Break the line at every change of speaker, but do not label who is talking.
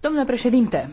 Domnule președinte,